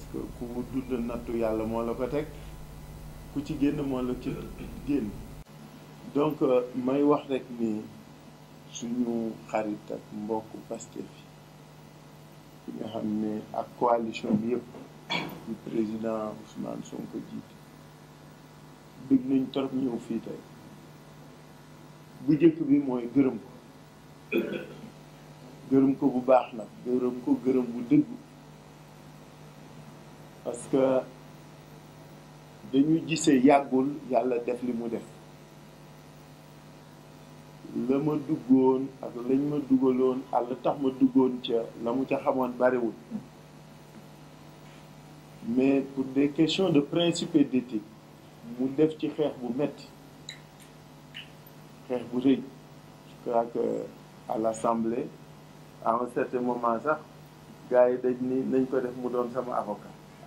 parce que ku mu dund nattu yàlla moo la ko teg ku ci génn moo la ci génn donc euh, may wax rek ni suñu xarit ak mbokk Pastef yi nga xam ne ak coalition bi yëpp di président Ousmane Sonko jiite bëgg nañ torop ñëw fii tey bu jëkk bi mooy gërëm ko gërëm ko bu baax nag gërëm ko gërëm bu dëggu parce que dañu gisee yàggul yàlla def li mu def la ma duggoon ak lañ ma dugaloon tax ma duggoon ca la mu mais pour des questions de principe et d'éthique mu def ci xeex bu metti je crois que à l'Assemblée à un certain moment sax gars yi ni nañ ko avocat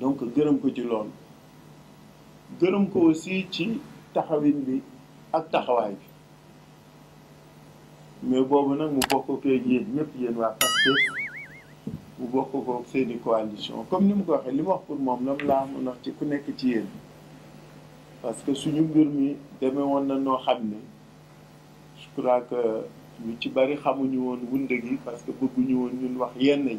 donc gërëm ko ci loolu gërëm ko aussi ci taxawin bi ak taxawaay bi mais boobu nag mu bokk ko yéen ñëpp yéen waa Pastef mu bokk ko seen i coalition comme ni mu ko waxee li mu wax pour moom lam laa mun wax ci ku nekk ci yéen parce que suñu mbir mi demee woon na noo xam ne je crois que ñu ci bari xamuñu woon wunde gi parce que bëgguñu woon ñun wax yenn yi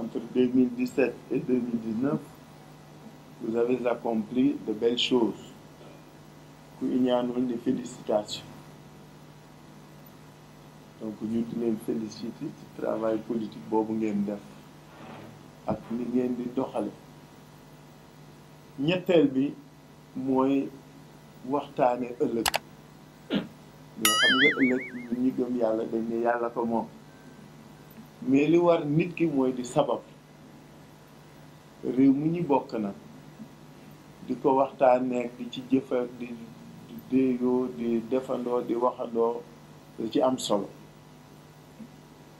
entre 2017 et 2019, vous avez accompli de belles choses. Il y a des félicitations. donc nous di féliciter le travail politique boobu ngeen def ak ni ngeen di doxale ñetteel bi mooy waxtaane ëllëg mais xam nga ëllëg ñi gëm yàlla dañ ne yàlla ko mais li war nit ki mooy di sabab réew mu ñu bokk na di ko waxtaaneek di ci jëf di déeyoo di defandoo di waxandoo da ci am solo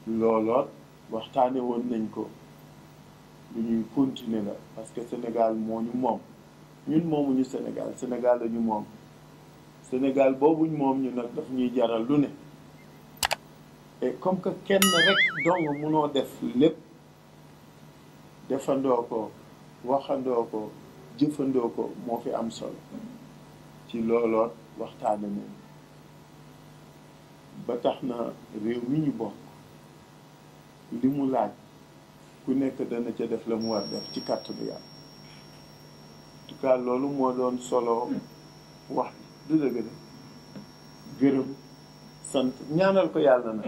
looloot waxtaane woon nañ ko lu ñuy continuer la parce que Sénégal moo ñu moom ñun moomuñu Sénégal Sénégal la moom Sénégal boobuñ moom ñu nag daf ñuy jaral lu ne comme que kenn rek dong mënoo def lépp defandoo ko waxandoo ko jëfandoo ko moo fi am solo ci looloot waxtaane nañ ba tax na réew mi ñu bokk li mu laaj ku nekk dana ca def la mu war def ci kàttanu yàlla en loolu moo doon solo wax du dëgg de gërëm sant ñaanal ko yàlla na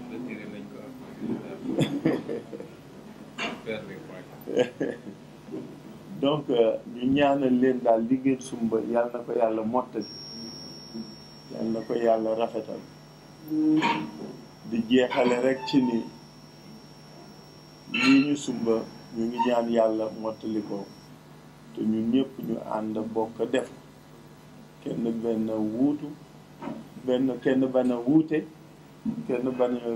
donc euh, ñu ñaanal leen daal liggéey sumba yàlla na ko yàlla mottali yàlla na ko yàlla rafetal di jeexale rekk ci ni lii ñu sumba ñu ngi ñaan yàlla mottali ko te ñun ñëpp ñu ànd bokk def kenn benn wuutu benn kenn bañ a kenn bañ a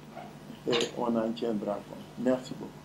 et on en tiendra compte. Merci beaucoup.